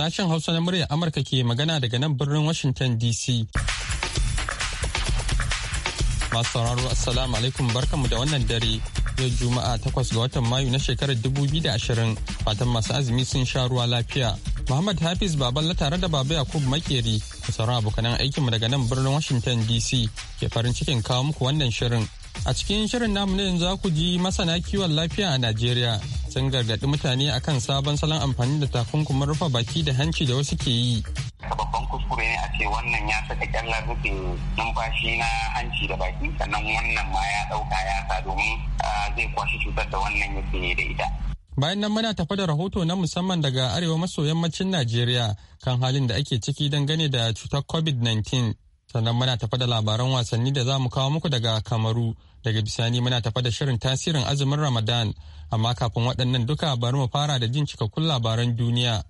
Sashen Hausa na muryar Amurka ke magana daga nan birnin Washington DC. Masu sauraro Assalamu alaikum barkanmu da wannan dare. Yau Juma'a takwas ga watan Mayu na shekarar dubu biyu da ashirin. fatan masu azumi sun sha ruwa lafiya. Muhammad Hafiz Baballa tare da Baba Yakubu Makeri da sauran abokanan aikinmu daga nan birnin Washington DC ke farin cikin kawo muku wannan shirin A cikin shirin namu na yanzu ku ji masana kiwon lafiya a Najeriya sun gargaɗi mutane akan sabon salon amfani da takunkumin rufe baki da hanci da wasu ke yi. Babban kuskure ne a ce wannan ya saka kyallar rufe numfashi na hanci da baki sannan wannan ma ya ɗauka ya sa domin zai kwashi cutar da wannan yake da ita. Bayan nan muna tafa da rahoto na musamman daga arewa maso yammacin Najeriya kan halin da ake ciki dangane da cutar COVID-19. sannan muna tafa da labaran wasanni da za mu kawo muku daga kamaru daga bisani muna tafa da shirin tasirin azumin ramadan amma kafin waɗannan duka bari mu fara da jin cikakkun labaran duniya.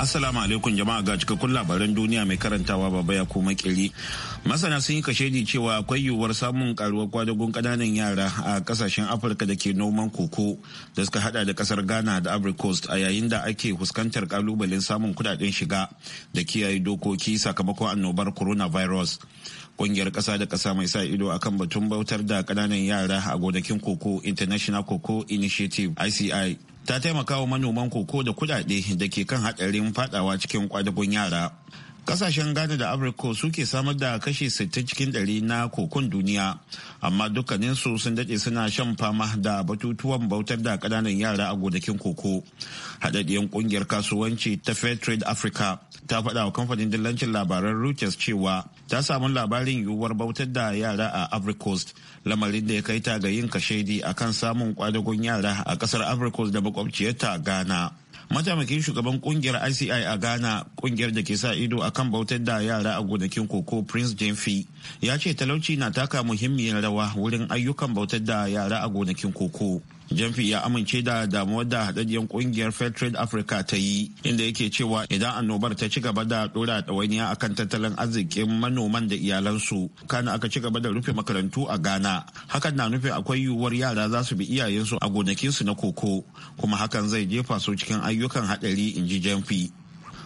Assalamu alaikum jama'a ga cikakkun labaran duniya mai karantawa baba ya kuma kiri. Masana sun yi kashedi cewa akwai yiwuwar samun karuwar kwadagun kananan yara a kasashen Afirka da ke noman koko da suka hada da kasar Ghana da Ivory Coast a yayin da ake fuskantar kalubalen samun kudaden shiga da kiyaye dokoki sakamakon annobar coronavirus. Kungiyar kasa da kasa mai sa ido akan batun bautar da kananan yara a gonakin koko International Cocoa Initiative ICI ta taimaka wa manoman koko da kudade da ke kan hadarin fadawa cikin kwadagon yara Kasashen Ghana da Afirka suke samar da kashi 60 cikin ɗari na kokon duniya, amma dukkaninsu sun dace suna shan fama da batutuwan bautar da kananan yara a gonakin koko. Haɗaɗɗiyar ƙungiyar kasuwanci ta Fair Trade Africa ta faɗa wa kamfanin dillancin labaran Reuters cewa ta samu labarin yiwuwar bautar da yara a Africost, lamarin da ya kai ta ga yin kashedi akan samun kwadagon yara a kasar Africost da makwabciyarta Ghana. mataimakin shugaban kungiyar ici a ghana kungiyar da ke sa ido a kan bautar da yara a gonakin koko prince jemfi ya ce talauci na taka muhimmiyar rawa wurin ayyukan bautar da yara a gonakin koko jamfi ya amince da damuwar da hadajiyar kungiyar fair trade africa ta yi inda yake cewa idan annobar ta ci gaba da ɗora ɗawainiya kan tattalin arzikin manoman da iyalansu kana aka ci gaba da rufe makarantu a ghana hakan na nufin akwai yiwuwar yara za su bi iyayensu a gonakinsu na koko kuma hakan zai jefa su cikin ayyukan hadari in ji jamfi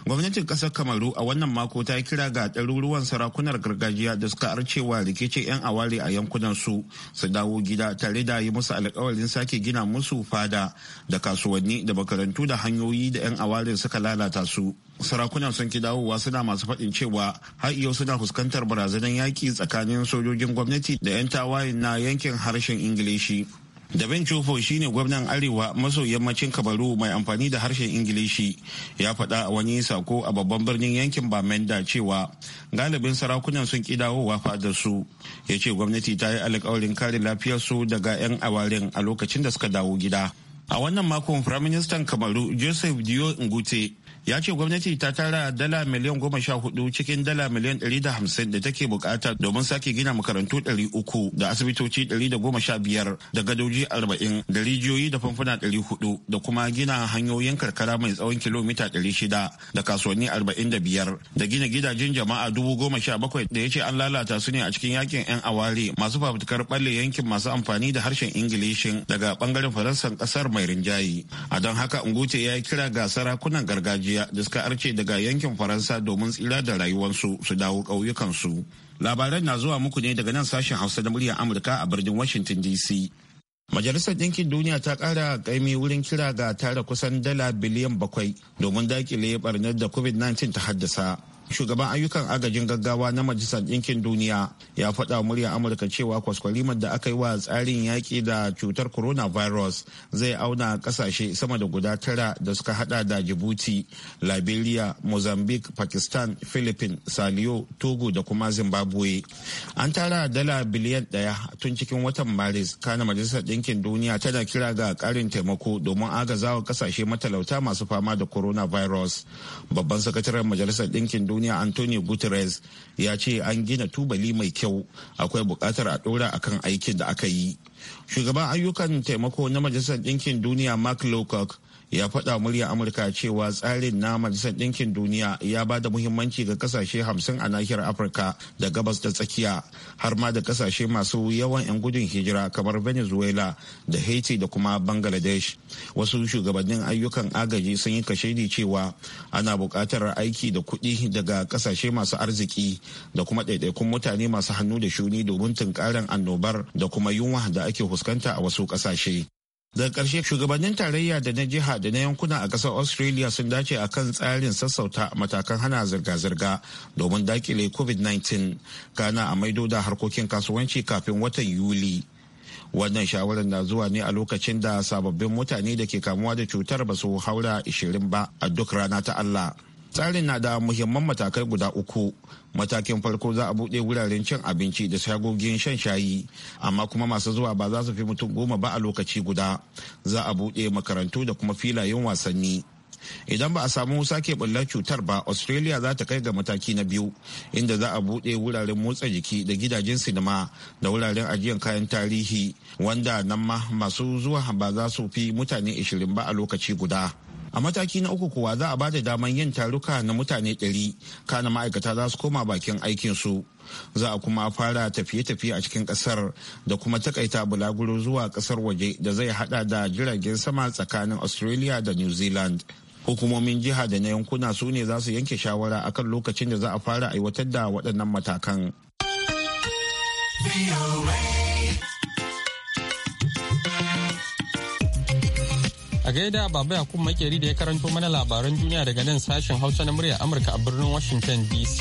gwamnatin kasar kamaru a wannan mako ta kira ga ɗaruruwan sarakunar gargajiya da suka arcewa rikici 'yan awari a yankunan su su dawo gida tare da yi musu alkawarin sake gina musu fada da kasuwanni da makarantu da hanyoyi da 'yan awari suka lalata su sarakunan sun ki dawowa suna masu faɗin cewa har iyo suna fuskantar barazanar yaƙi tsakanin sojojin gwamnati da 'yan tawayen na yankin harshen ingilishi da Daben Chofo shine gwamnan Arewa maso yammacin Kabaru mai amfani da harshen Ingilishi ya faɗa a wani sako a babban birnin yankin Bamenda cewa galibin sarakunan sun ƙi dawowa fadar su. Ya ce gwamnati ta yi alƙawarin kare lafiyar su daga 'yan awarin a lokacin da suka dawo gida. A wannan makon Firaministan Kamaru Joseph Dio Ngute ya ce gwamnati ta tara dala miliyan goma sha hudu cikin dala miliyan ɗari da hamsin da take bukata domin sake gina makarantu ɗari uku da asibitoci ɗari da goma sha biyar da gadoji arba'in da rijiyoyi da famfuna ɗari hudu da kuma gina hanyoyin karkara mai tsawon kilomita ɗari shida da kasuwanni arba'in da biyar da gina gidajen jama'a dubu goma sha bakwai da ya ce an lalata su ne a cikin yakin 'yan aware masu fafutukar ɓalle yankin masu amfani da harshen ingilishin daga bangaren faransan kasar mai rinjaye a don haka ungute ya kira ga sarakunan gargajiya Najeriya da suka arce daga yankin Faransa domin tsira da rayuwarsu su dawo ƙauyukansu. Labaran na zuwa muku ne daga nan sashen Hausa da muryar Amurka a birnin Washington DC. Majalisar Ɗinkin Duniya ta ƙara ƙaimi wurin kira ga tara kusan dala biliyan bakwai domin daƙile barnar da COVID-19 ta haddasa. shugaban ayyukan agajin gaggawa na majalisar ɗinkin duniya ya faɗa murya amurka cewa kwaskwarimar da aka yi wa tsarin yaƙi da cutar coronavirus zai auna ƙasashe sama da guda tara da suka haɗa da jibuti liberia mozambique pakistan philippines saliyo togo da kuma zimbabwe an tara dala biliyan ɗaya tun cikin watan maris kana majalisar ɗinkin duniya tana kira ga ƙarin taimako domin agazawa ƙasashe matalauta masu fama da coronavirus babban sakataren majalisar ɗinkin duniya duniya antonio guterres ya ce an gina tubali mai kyau akwai bukatar a dora akan aikin da aka yi shugaban ayyukan taimako na majalisar ɗinkin duniya mark lowcock ya faɗa murya amurka cewa tsarin na majalisar ɗinkin duniya ya ba da muhimmanci ga kasashe hamsin a nahiyar afirka da gabas da tsakiya har ma da kasashe masu yawan 'yan gudun hijira kamar venezuela da haiti da kuma bangladesh wasu shugabannin ayyukan agaji sun yi kashedi cewa ana buƙatar aiki da kuɗi daga kasashe masu arziki da kuma ɗaiɗaikun mutane masu hannu da shuni domin tunkarar annobar da kuma yunwa da ake fuskanta a wasu ƙasashe. daga ƙarshe shugabannin tarayya da na jiha da na yankuna a ƙasar australia sun dace a kan tsarin sassauta matakan hana zirga-zirga domin dakile covid-19 gana a maido da harkokin kasuwanci kafin watan yuli wannan shawarar na zuwa ne a lokacin da sababbin mutane da ke kamuwa da cutar ba su haura 20 ba a duk rana ta allah tsarin na da muhimman matakai guda uku matakin farko za a buɗe wuraren cin abinci da shagogin shan shayi amma kuma masu zuwa ba za su fi mutum goma ba a lokaci guda za a buɗe makarantu da kuma filayen wasanni idan ba a samu sake bullar cutar ba australia za ta kai ga mataki na biyu inda za a buɗe wuraren motsa jiki da gidajen sinima da wuraren ajiyar kayan tarihi wanda nan ma masu zuwa ba za su fi mutane 20 ba a lokaci guda a mataki na uku kuwa za a bada daman yin taruka na mutane 100 kana ma'aikata za su koma bakin aikin aikinsu za a kuma fara tafiye-tafiye a cikin kasar da kuma takaita bulaguro zuwa kasar waje da zai hada da jiragen sama tsakanin australia da new zealand hukumomin jiha da na yankuna su ne za su yanke shawara akan lokacin da za a fara aiwatar da waɗannan matakan. gaida baba yakub makeri da ya karanto mana labaran duniya daga nan sashen hausa na murya amurka a birnin washington dc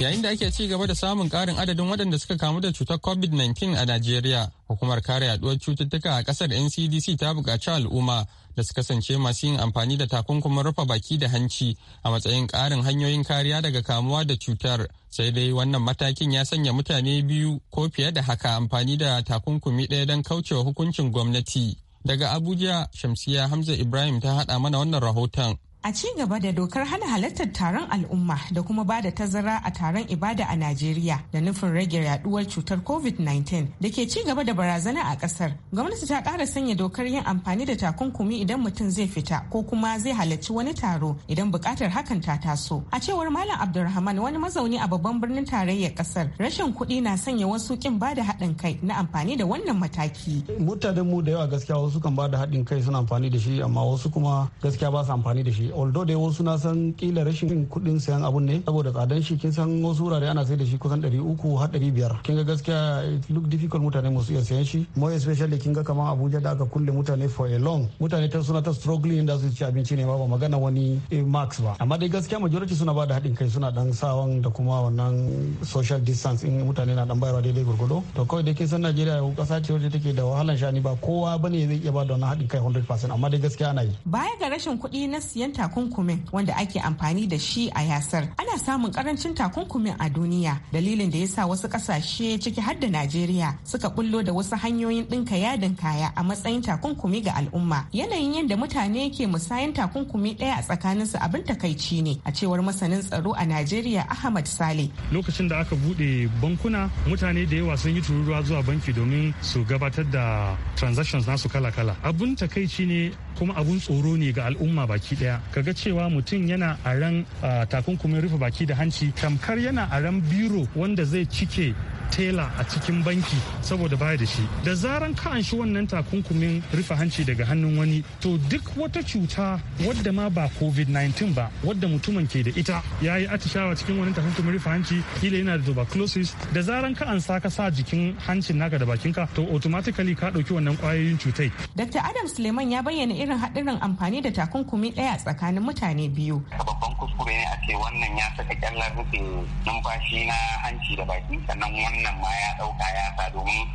Yayin da ake ci gaba da samun ƙarin adadin waɗanda suka kamu da cutar COVID-19 a Najeriya, hukumar kare yaduwar cututtuka a ƙasar NCDC ta buƙaci al'umma da su kasance masu yin amfani da takunkumin rufe baki da hanci a matsayin ƙarin hanyoyin kariya daga kamuwa da cutar. Sai dai wannan matakin ya sanya mutane biyu ko fiye da haka amfani da takunkumi ɗaya don kaucewa hukuncin gwamnati. Daga Abuja, Shamsiya Hamza Ibrahim ta haɗa mana wannan rahoton. A ci gaba da dokar hana halartar taron al'umma da kuma ba da tazara a taron ibada a Najeriya da nufin rage yaduwar cutar COVID-19 da ke ci gaba da barazana a kasar. Gwamnati ta ƙara sanya dokar yin amfani da takunkumi idan mutum zai fita ko kuma zai halarci wani taro idan buƙatar hakan ta taso. A cewar Malam Abdulrahman wani mazauni a babban birnin tarayyar kasar, rashin kuɗi na sanya wasu kin ba da haɗin kai na amfani da wannan mataki. Mutanen mu da yawa gaskiya wasu kan ba da haɗin kai suna amfani da shi amma wasu kuma gaskiya ba su amfani da shi. although dai wasu na san kila rashin kuɗin sayan abun ne saboda tsadan shi kin san wasu wurare ana sai da shi kusan uku har biyar. kin ga gaskiya look difficult mutane musu iya sayan shi more especially kin ga kamar Abuja da aka kulle mutane for a long mutane ta suna ta struggling da su ci abinci ne ba magana wani eh, max ba amma dai gaskiya majority suna ba da haɗin kai suna dan sawan da kuma wannan social distance in mutane na dan bayarwa daidai gurgudo to kawai dai kin san Najeriya kasa ce wacce take da wahalan shani ba kowa bane zai iya ba da wannan haɗin kai 100% amma dai gaskiya ana yi baya ga rashin kuɗi na siyan takunkumin wanda ake amfani da shi a yasar ana samun karancin takunkumin a duniya dalilin da ya sa wasu kasashe ciki har da najeriya suka bullo da wasu hanyoyin ɗinka yadin kaya a matsayin takunkumi ga al'umma yanayin yadda mutane ke musayan takunkumi ɗaya a tsakaninsu abin takaici ne a cewar masanin tsaro a najeriya ahmad sale lokacin da aka buɗe bankuna mutane da yawa sun yi tururuwa zuwa banki domin su gabatar da transactions nasu kala-kala abun takaici ne kuma abun tsoro ne ga al'umma baki daya kaga cewa mutum yana a ran ah, takunkumin rufe baki da hanci tamkar yana a ran biro wanda zai cike tela a cikin banki saboda baya da shi da zaran ka anshi wannan takunkumin rufe hanci daga hannun wani to duk wata cuta wadda ma ba covid-19 ba wadda mutumin ke da ita ya yi atishawa cikin wani takunkumin rufe hanci kila yana da tuberculosis da zaran ka ansa ka sa jikin hancin naka da bakinka to automatically ka dauki wannan kwayoyin cutai. Dr. Adam Suleiman ya bayyana irin haɗarin amfani da takunkumi ɗaya tsakanin mutane biyu. Babban kuskure ne a ce wannan ya saka kyallar rufe numfashi na hanci da baki sannan wannan wannan ma ya ɗauka ya sa domin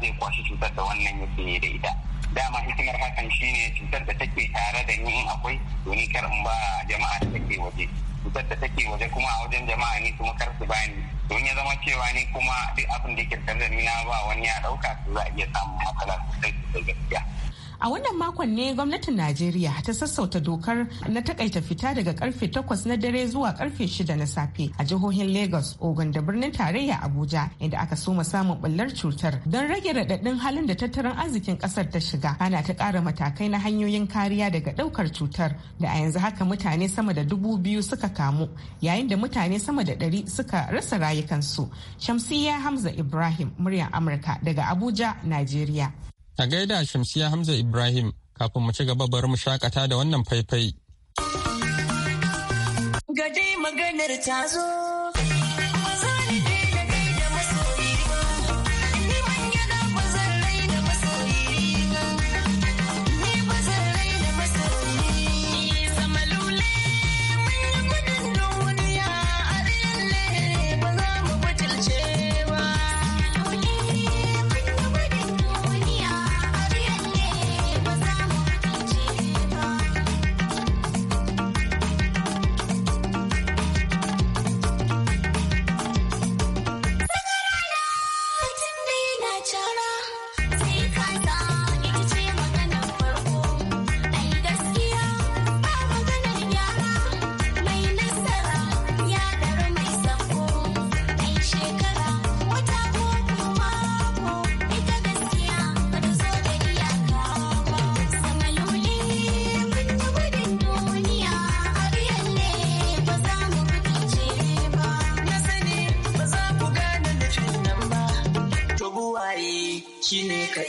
zai kwashi cutar da wannan ya yake da ita dama hikimar hakan shine cutar da take tare da ni in akwai domin kar in ba jama'a da take waje cutar da take waje kuma a wajen jama'a ni kuma kar su bani don ya zama cewa ni kuma duk abin da ke tare da ni na ba wani ya ɗauka su za a iya samun matsala sosai sosai gaskiya A wannan makon ne gwamnatin Najeriya ta sassauta dokar na takaita fita daga karfe 8 na dare zuwa karfe 6 na safe a jihohin Lagos, Ogun da birnin tarayya Abuja inda aka soma samun bullar cutar don rage raɗaɗin halin da tattalin arzikin ƙasar ta shiga. Ana ta ƙara matakai na hanyoyin kariya daga ɗaukar cutar da a yanzu haka mutane sama da dubu biyu suka kamu yayin da mutane sama da ɗari suka rasa rayukansu. shamsiya Hamza Ibrahim, muryar Amurka daga Abuja, Najeriya. A gaida Shamsiya Hamza Ibrahim kafin mu ci gaba bari mu shakata da wannan faifai. Gade maganar ta zo.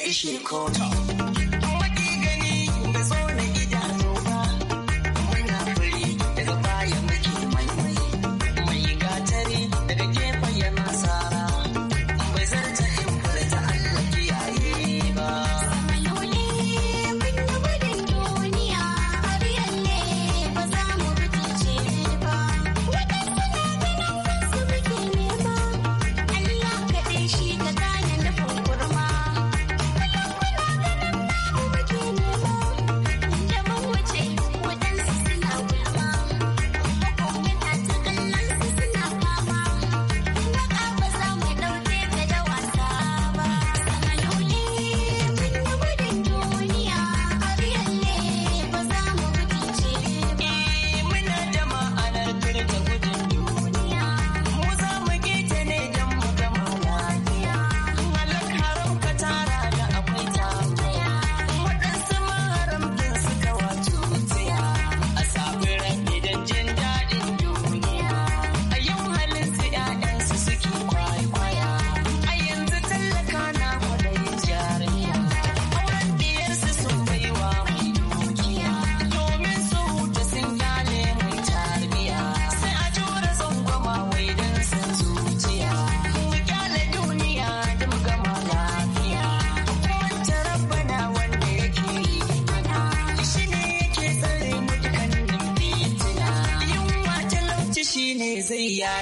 一起口罩。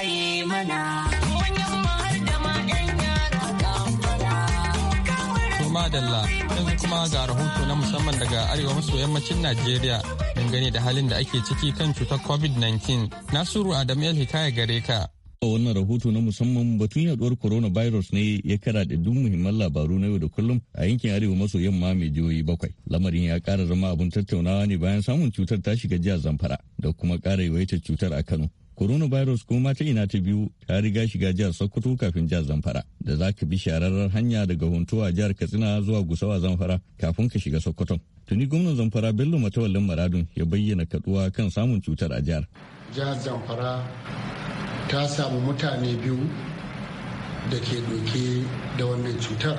yi mana. yanzu kuma ga rahoto na musamman daga arewa maso yammacin Najeriya dangane da halin da ake ciki kan cutar COVID-19. Nasiru Adam El Hikaya gare ka. wannan rahoto na musamman batun yaduwar coronavirus ne ya kara da duk muhimman labaru na yau da kullum a yankin arewa maso yamma mai jihohi bakwai. Lamarin ya kara zama abin tattaunawa ne bayan samun cutar ta shiga jihar Zamfara da kuma kara yawaitar cutar a Kano. coronavirus kuma mata ina ta biyu ta riga shiga jihar sokoto kafin jihar zamfara da za ka bi shararren hanya daga huntuwa jihar katsina zuwa gusawa zamfara kafin ka shiga sokoto tuni gwamnan zamfara bello matawallin maradun ya bayyana kaduwa kan samun cutar a jihar jihar zamfara ta samu mutane biyu da ke doke da wannan cutar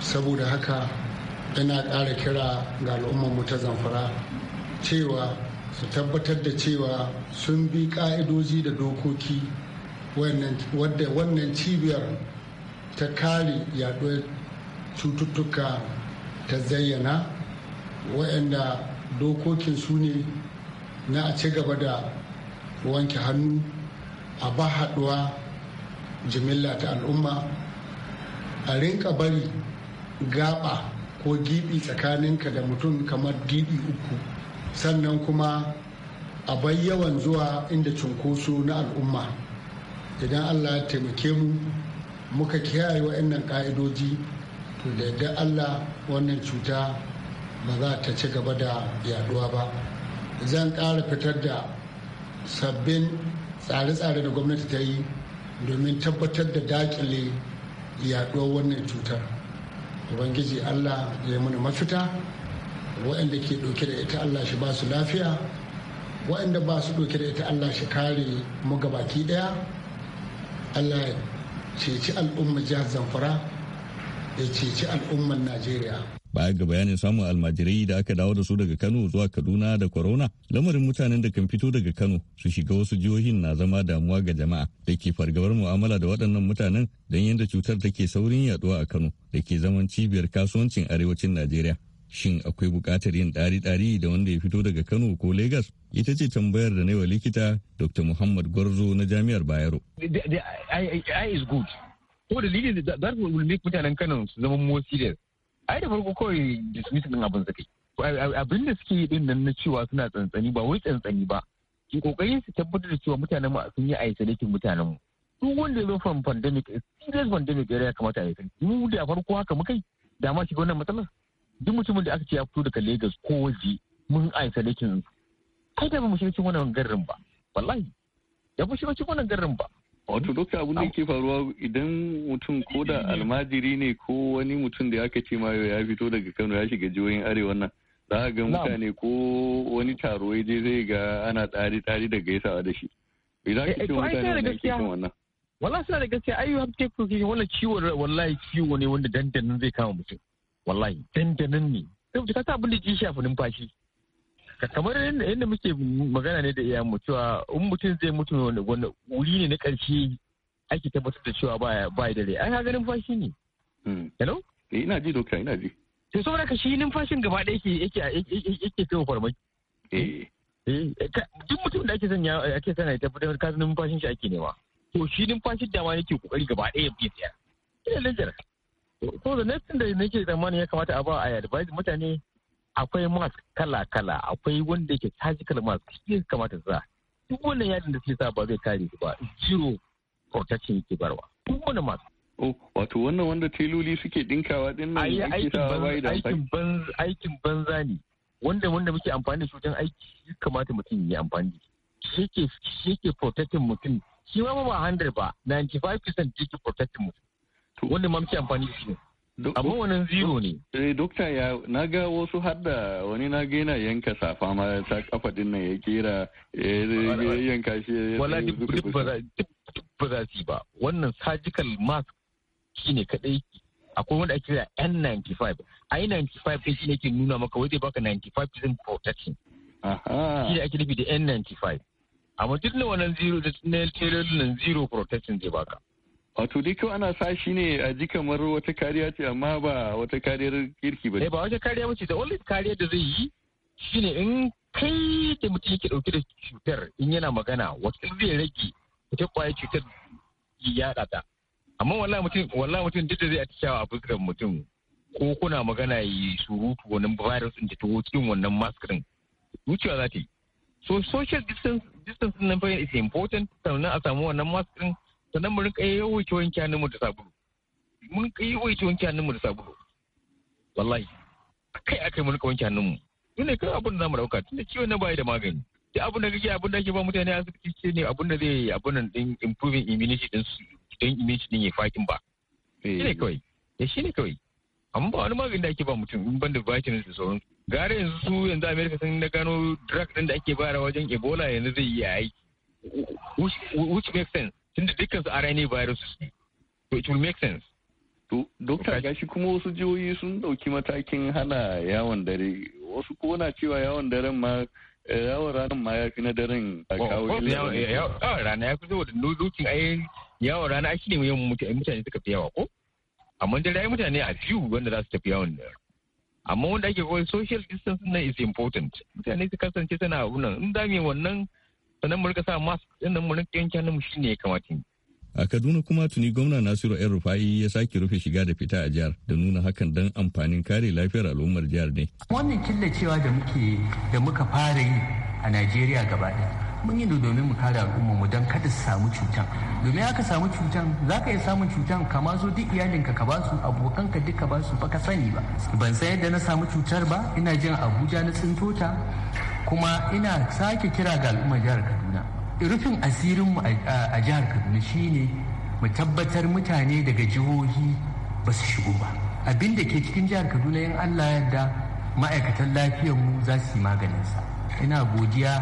saboda haka yana ƙara kira ga al'ummar mu ta zamfara cewa su tabbatar da cewa sun bi ka'idoji da dokoki wadda wannan cibiyar ta kare yaduwar cututtuka ta zayyana waɗanda dokokin su ne na a ci gaba da wanke hannu a ba haɗuwa jimilla ta al'umma a rinka bari gaba ko gibi tsakaninka da mutum kamar gibi uku sannan kuma a bai yawan zuwa inda cunkoso na al'umma idan allah ya taimake mu muka kiyaye wa'annan ka'idoji to da yadda allah wannan cuta ba za ta ci gaba da yaduwa ba zan ƙara fitar da sabbin tsare-tsare da gwamnati ta yi domin tabbatar da dakile yaduwar wannan cutar ubangiji allah ya yi mana mafita waɗanda ke ɗauke da ita allah shi ba su lafiya waɗanda ba su ɗauke da ita allah shi kare mu gabaki ɗaya allah ya ceci al'ummar jihar zamfara ya ceci al'ummar najeriya baya ga bayanin samun almajirai da aka dawo da su daga kano zuwa kaduna da corona lamarin mutanen da kan fito daga kano su shiga wasu jihohin na zama damuwa ga jama'a da ke fargabar mu'amala da waɗannan mutanen don yadda cutar take saurin yaduwa a kano da ke zaman cibiyar kasuwancin arewacin najeriya shin akwai bukatar yin ɗari-ɗari da wanda ya fito daga kano ko lagos ita ce tambayar da wa likita dr muhammad gwarzo na jami'ar bayero ko dalilin da that will make mutanen kano su zama more serious ai da farko kawai dismiss din abin suke abin da suke yi din nan na cewa suna tsantsani ba wai tsantsani ba ki kokarin su tabbatar da cewa mutanen mu sun yi isolating mutanen mu duk wanda ya zo from pandemic serious pandemic ya kamata a yi mu da farko haka mukai da shi shiga wannan matsalar duk mutumin da aka ce ya fito daga Legas ko waje mun isolating kai da ba mu shiga wannan garin ba wallahi da mu shiga cikin wannan garin ba wato duka abin da ke faruwa idan mutum ko da almajiri ne ko wani mutum da aka ce ma ya fito daga Kano ya shiga jihohin arewa nan za ga mutane ko wani taro ya je zai ga ana tsari tsari da gaisawa da shi idan ka eh, ce mutane ne ke cin wannan wallahi suna da gaskiya ayyuka take kuke wannan ciwon wallahi ciwo ne wanda dandanan zai kama mutum wallahi dandanan ne sai ka sa abin da ji shafi numfashi kamar yadda muke magana ne da iyayen mutuwa. cewa in mutum zai mutu wani wuri ne na karshe ake tabbatar da cewa ba ba da rai ai ga numfashi ne hmm. hello eh ina ji doka ina ji to saboda ka shi numfashin gaba da yake yake yake kai farmaki eh eh duk mutum da ake sanya ake sanya ya tabbatar ka numfashin shi ake nema to shi numfashin dama yake kokari gaba ɗaya ya tsaya ina lantar so the next thing da nake zamani ya kamata a ba a advise mutane akwai mask kala-kala akwai wanda yake surgical mask shi ya kamata sa duk wannan yadin da suke sa ba zai kare ba jiro protection yake barwa duk wannan mask Oh, wato wannan wanda teloli suke dinkawa din nan yake sa bai da aikin banza aikin banza ne wanda wanda muke amfani da shi aiki ya kamata mutum ya yi amfani da shi yake shi yake protecting mutum shi ma ba 100 ba 95% yake protecting mutum wanda ma muke amfani da shi ne amma wannan zero ne eh dokta ya na ga wasu har da wani na ga yana yanka safa ma ta kafa din nan ya kera ya yanka shi wala duk ba za su ba wannan surgical mask shine kadai akwai wanda ake kira N95 I95 ɗin shine ke nuna maka wai zai baka 95% protection shi ne ake nufi da N95 amma duk na wannan zero da na nan zero protection zai baka Wato dai kyau ana sa shi ne a ji kamar wata kariya ce amma ba wata kariyar kirki ba. Eh, ba wata kariya bace da only kariya da zai yi shine in kai da mutum yake dauke da cutar in yana magana wata zai rage ita kwaya cutar ya ta. Amma wallahi mutum wallahi mutum duk da zai atishawa a fuskar mutum ko kuna magana yi surutu wannan virus din ta taho cikin wannan mask din wucewa za ta yi. So social distance distance nan fa is important sannan a samu wannan mask din sannan mu rinka yawaita wanke mu da sabulu mun rinka yawaita wanke mu da sabulu wallahi akai akai mun rinka wanke mu ne kan abin da zamu dauka tunda ciwon na bai da magani duk abin da kake abin da ke ba mutane asibiti ce ne abin da zai abin nan din improving immunity din su don immunity din ya fakin ba shi ne eh. kawai ya shi ne kawai amma ba wani magani da ake ba mutum in banda da vitamins da sauran gara yanzu su yanzu america sun na gano drug din da ake bayarwa wajen ebola yanzu zai yi aiki which makes sense tunda dukkan su RNA viruses ne to it will make sense Dokta gashi kuma wasu jihohi sun dauki matakin hana yawon dare wasu ko na cewa yawon daren ma eh, yawon ranar ma ya fi na daren kawo yawon rana ya fi saboda lokacin ai yawon rana ake ne yawan mutane suka fi yawa ko amma dare ai mutane a few wanda za su tafi yawon dare amma wanda ake kawai social distance na is important mutane su kasance suna abunan in za mu wannan sannan mu rika sa mask sannan mu rika yanke shine ya kamata a kaduna kuma tuni gwamna nasiru yan rufa'i ya sake rufe shiga da fita a jihar da nuna hakan dan amfanin kare lafiyar al'ummar jihar ne wannan killacewa da muke da muka fara yi a najeriya gaba mun yi domin mu kare al'ummar mu don kada su samu cutan domin aka samu cutan za ka iya samun cutan ka ma zo duk iyalinka ka basu abokanka duk ka basu ba ka sani ba ban san yadda na samu cutar ba ina jin abuja na tsintota kuma ina sake kira ga al'ummar jihar kaduna rufin asirinmu a jihar kaduna shine mu tabbatar mutane daga jihohi ba su shigo ba abin da ke cikin jihar kaduna in allah yadda ma'aikatan lafiyarmu za su yi maganinsa ina godiya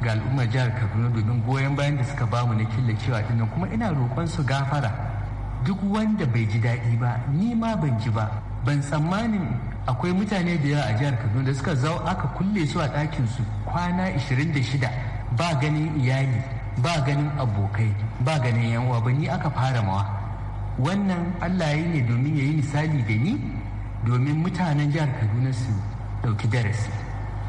ga al'ummar jihar kaduna domin goyon bayan da suka bamu na killacewa dinnan kuma ina roƙon su gafara duk wanda bai ji daɗi ba ni ma ban ji ba ban tsammanin akwai mutane da yawa a jihar kaduna da suka zau aka kulle su a ɗakin su kwana 26 ba ganin iyali ba ganin abokai ba ganin yanwa ba ni aka fara mawa wannan allah ya yi ne domin ya yi misali da ni domin mutanen jihar kaduna su ɗauki darasi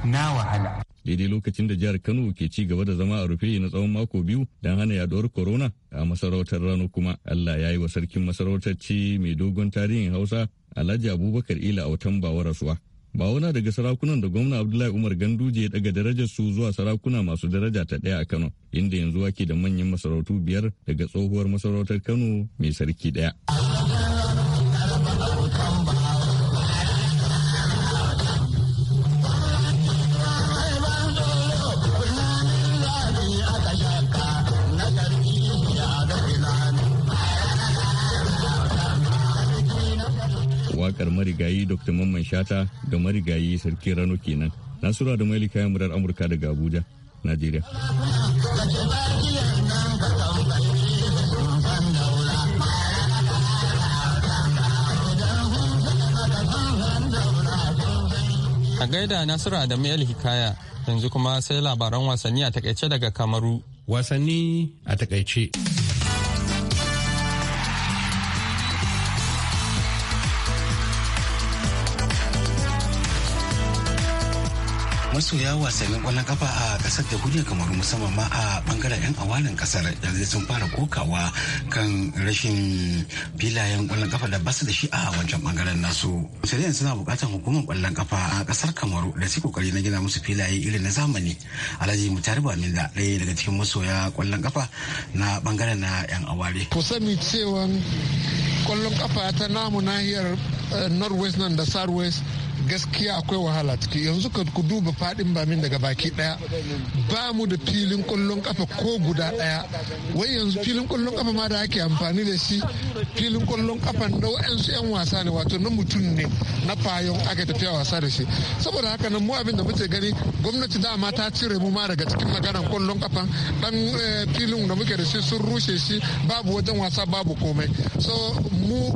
na wahala daidai lokacin da jihar Kano ke ci gaba da zama a rufe na tsawon mako biyu don hana yaduwar corona a masarautar Rano kuma Allah ya yi wa sarkin masarautar ce mai dogon tarihin Hausa Alhaji Abubakar Ila watan ba Rasuwa. Ba na daga sarakunan da gwamna Abdullahi Umar Ganduje ya daga darajar su zuwa sarakuna masu daraja ta ɗaya a Kano, inda yanzu ake da manyan masarautu biyar daga tsohuwar masarautar Kano mai sarki ɗaya. wakar marigayi dr mamman shata da marigayi sarki rano kenan nasura da mailika ya murar amurka daga abuja najeriya a gaida nasiru da el hikaya yanzu kuma sai labaran wasanni a takaice daga kamaru wasanni a takaice masoya wasannin kwallon kafa a kasar da hudu kamaru musamman ma a bangaren yan awalin kasar yanzu sun fara kokawa kan rashin filayen kwallon kafa da basu da shi a wancan bangaren nasu shari'an suna bukatar hukumar kwallon kafa a kasar kamaru da su kokari na gina musu filaye irin na zamani alhaji mutari da ɗaya daga cikin masoya kwallon kafa na bangaren na yan aware ku sani cewa kwallon kafa ta namu nahiyar eh, northwest nan da southwest gaskiya akwai wahala ciki yanzu ka ku duba fadin bamin daga baki daya ba mu da filin kullun kafa ko guda daya wai yanzu filin kullun kafa ma da ake amfani da shi filin kullun kafa na wa'ansu yan wasa ne wato na mutum ne na fayon aka tafiya wasa da shi saboda haka nan mu abin da muke gani gwamnati dama ta cire mu ma daga cikin maganan kullun kafa dan eh, filin da muke da shi sun rushe shi babu wajen wasa babu komai so mu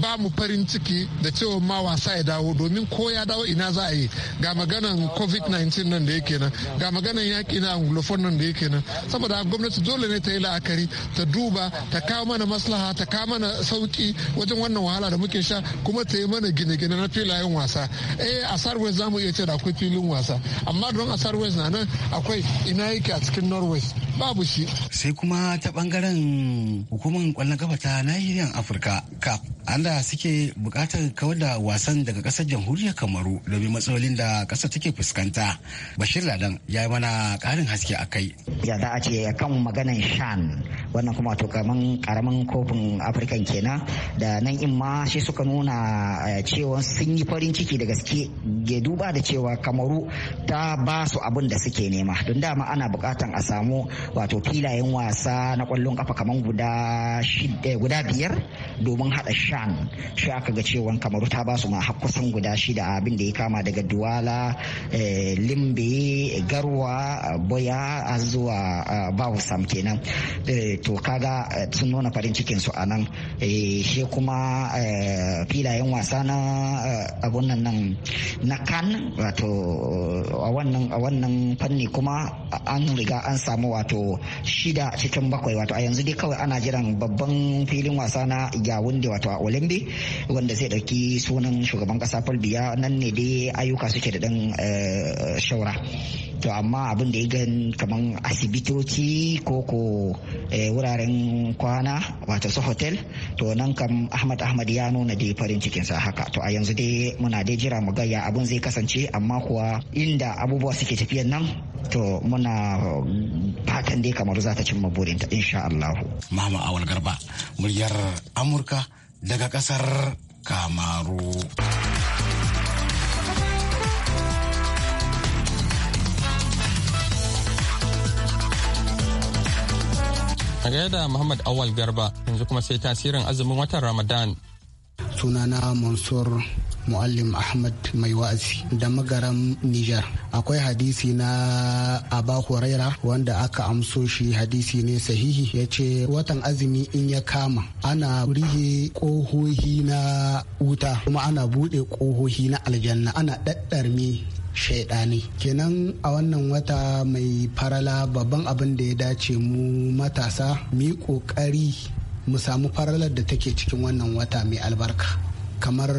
ba mu farin ciki da cewa ma wasa ya dawo domin ko ya dawo ina za a yi ga maganan covid-19 nan da yake nan ga maganan yaƙi na anglophone nan da yake nan saboda gwamnati dole ne ta yi la'akari ta duba ta kawo mana maslaha ta kawo mana sauki wajen wannan wahala da muke sha kuma ta yi mana gine-gine na filayen wasa eh a sarwest za mu iya ce da akwai filin wasa amma don a sarwest na nan akwai ina yake a cikin norwest babu shi sai kuma ta bangaren hukumar kwallon kafa ta nahiyar afirka ka an waɗanda suke bukatar kawar da wasan daga ƙasar jamhuriyar kamaru domin matsalolin da ƙasar take fuskanta bashir ladan ya yi mana ƙarin haske a kai ya za a ce kan maganan shan wannan kuma to kaman karamin kofin afirkan kenan da nan in ma shi suka nuna eh, cewa sun yi farin ciki da gaske ya duba da cewa kamaru ta ba su abin da suke nema don dama ana buƙatan a samu wato filayen wasa na kwallon kafa kaman guda eh, guda biyar domin haɗa shan Sha shi aka ga cewa kamaru ta basu ma har kusan guda shida abin da ya kama daga duwala eh, limbe garwa boya a zuwa eh, bawu sam kenan eh, to kaga sun nuna farin cikin su anan shi kuma filayen wasa na abun nan na kan wato a wannan fanni kuma an riga an samu wato shida cikin bakwai wato a yanzu dai kawai ana jiran babban filin wasa na da wato a gombe wanda zai ɗauki sunan shugaban kasa paul biya nan ne dai ayyuka suke da dan eh, shaura to amma abin da ya gan kaman asibitoci ko ko eh, wuraren kwana wato su hotel to nan kam ahmad ahmad ya nuna dai farin cikin sa haka to a yanzu dai muna dai jira mu gaya abin zai kasance amma kuwa inda abubuwa suke tafiyan nan to muna fatan dai kamar za ta cimma burinta insha Allah. Mama Awal Garba muryar Amurka daga kasar kamaru a da muhammad awal garba yanzu kuma sai tasirin azumin watan ramadan sunana mansur muallim ahmad mai wa'azi da magaran nijar akwai hadisi na aba huraira wanda aka amso shi hadisi ne sahihi ya ce watan azumi in ya kama ana rihe ƙohohi na wuta kuma ana buɗe ƙohohi na aljanna ana ɗaɗɗarme shaidani kenan a wannan wata mai farala babban abin da ya dace mu matasa mu kokari mu samu faralar da take cikin wannan wata mai albarka kamar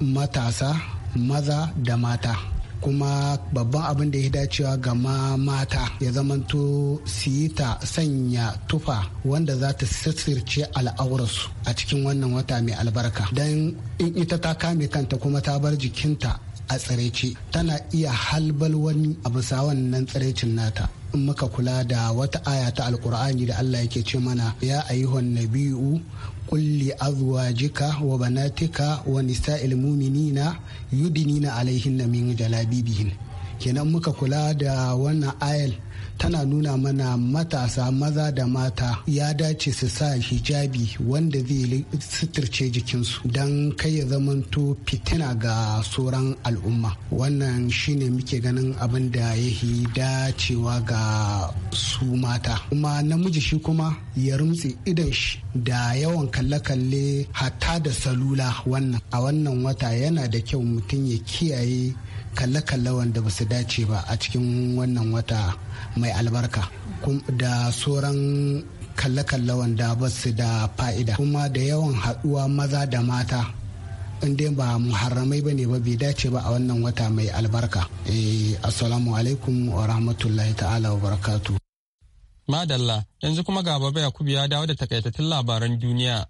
matasa maza da mata kuma babban abin da ya dacewa ga mata ya zamanto siyi ta sanya tufa wanda za ta sassirce al'aurarsu a cikin wannan wata mai albarka don in ita ta kame kanta kuma ta bar jikinta a tsiraice tana iya halbal wani a bisa wannan tsiraicin nata in muka kula da wata aya ta alkur'ani da Allah yake ce mana ya ayyuhan nabi'u kulli azwajika wa banatika wa nisa'il mu'minina yudinina alaihinna min jalabibihin kenan muka kula da wannan ayal tana nuna mana matasa maza da mata ya dace su sa hijabi wanda zai suturce jikinsu don kai ya zamanto fitina ga sauran al'umma wannan shine muke ganin abin da ya yi dacewa ga su mata kuma namiji shi kuma ya rumtse idan shi da yawan kalle-kalle hatta da salula wannan a wannan wata yana da kyau mutum ya kiyaye kalle-kalle wanda ba su dace ba a cikin wannan wata mai albarka da sauran kalle-kalle wanda ba su da fa'ida kuma da yawan haɗuwa maza da mata dai ba muharramai ba ne ba bai dace ba a wannan wata mai albarka eh, assalamu alaikum wa rahmatullahi ta'ala wa barakatu madalla yanzu kuma ga gaba baya ya dawo da takaitattun labaran duniya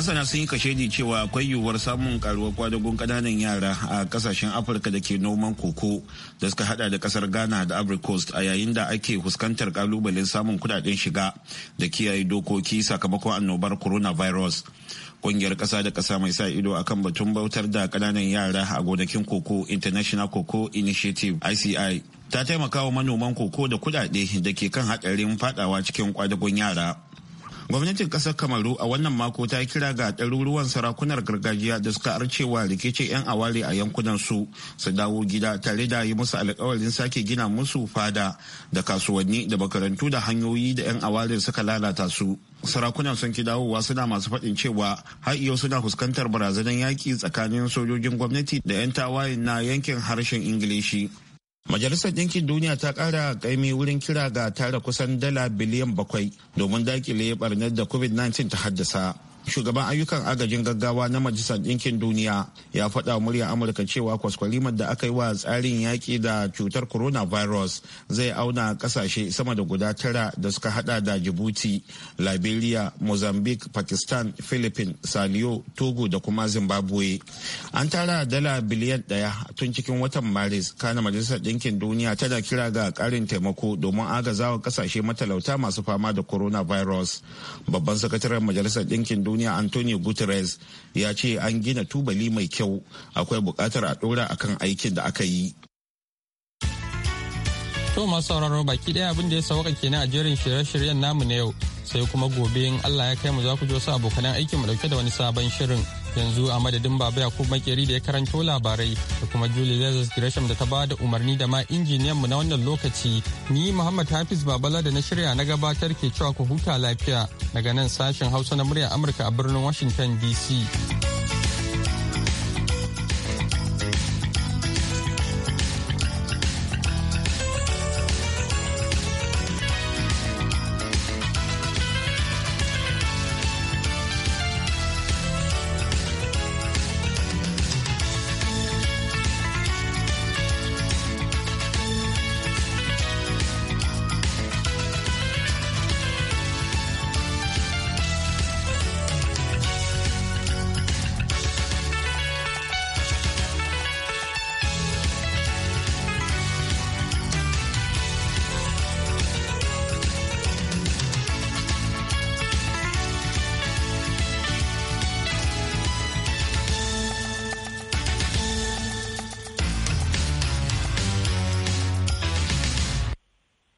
masana sun yi kashedi cewa akwai yiwuwar samun karuwar kwadagon kananan yara a kasashen afirka da ke noman koko da suka hada da kasar ghana da coast a yayin da ake fuskantar kalubalen samun kudaden shiga da kiyaye dokoki sakamakon annobar coronavirus kungiyar kasa da kasa mai sa ido akan batun bautar da kananan yara a gonakin koko international koko initiative ici ta taimaka wa manoman koko da kudade da ke kan hadarin fadawa cikin kwadagon yara gwamnatin kasar kamaru a wannan mako ta kira ga ɗaruruwan sarakunar gargajiya da suka arcewa ce 'yan aware a yankunan su su dawo gida tare da yi musu alkawarin sake gina musu fada da kasuwanni da makarantu da hanyoyi da 'yan awali suka lalata su sarakunan sun ki dawowa suna masu faɗin cewa har yau suna fuskantar barazanar yaƙi tsakanin sojojin gwamnati da 'yan tawayen na yankin harshen ingilishi Majalisar Ɗinkin Duniya ta ƙara ƙaimi wurin kira ga tara kusan dala biliyan bakwai domin dakile barnar da COVID-19 ta haddasa. shugaban ayyukan agajin gaggawa na majalisar ɗinkin duniya ya faɗa murya amurka cewa kwaskwalimar da aka yi wa tsarin yaƙi da cutar coronavirus zai auna ƙasashe sama da guda tara da suka haɗa da jibuti liberia mozambique pakistan philippines saliyo togo da kuma zimbabwe an tara dala biliyan ɗaya tun cikin watan maris kana majalisar ɗinkin duniya tana kira ga ƙarin taimako domin agazawa ƙasashe matalauta masu fama da coronavirus babban sakataren majalisar ɗinkin duniya antonio guterres ya ce an gina tubali mai kyau akwai bukatar a dora akan aikin da aka yi to masu sauraro baki daya abinda ya sauka kenan a jerin shirye-shiryen namu na yau sai kuma gobe in allah ya kai mu za ku ji wasu abokanan aikin mu dauke da wani sabon shirin yanzu a madadin baba yakub makeri da ya karanto labarai da kuma julie lezis gresham da ta ba da umarni da ma injiniyan mu na wannan lokaci ni muhammad hafiz babala da na shirya na gabatar ke cewa ku huta lafiya daga nan sashen hausa na murya amurka a birnin washington dc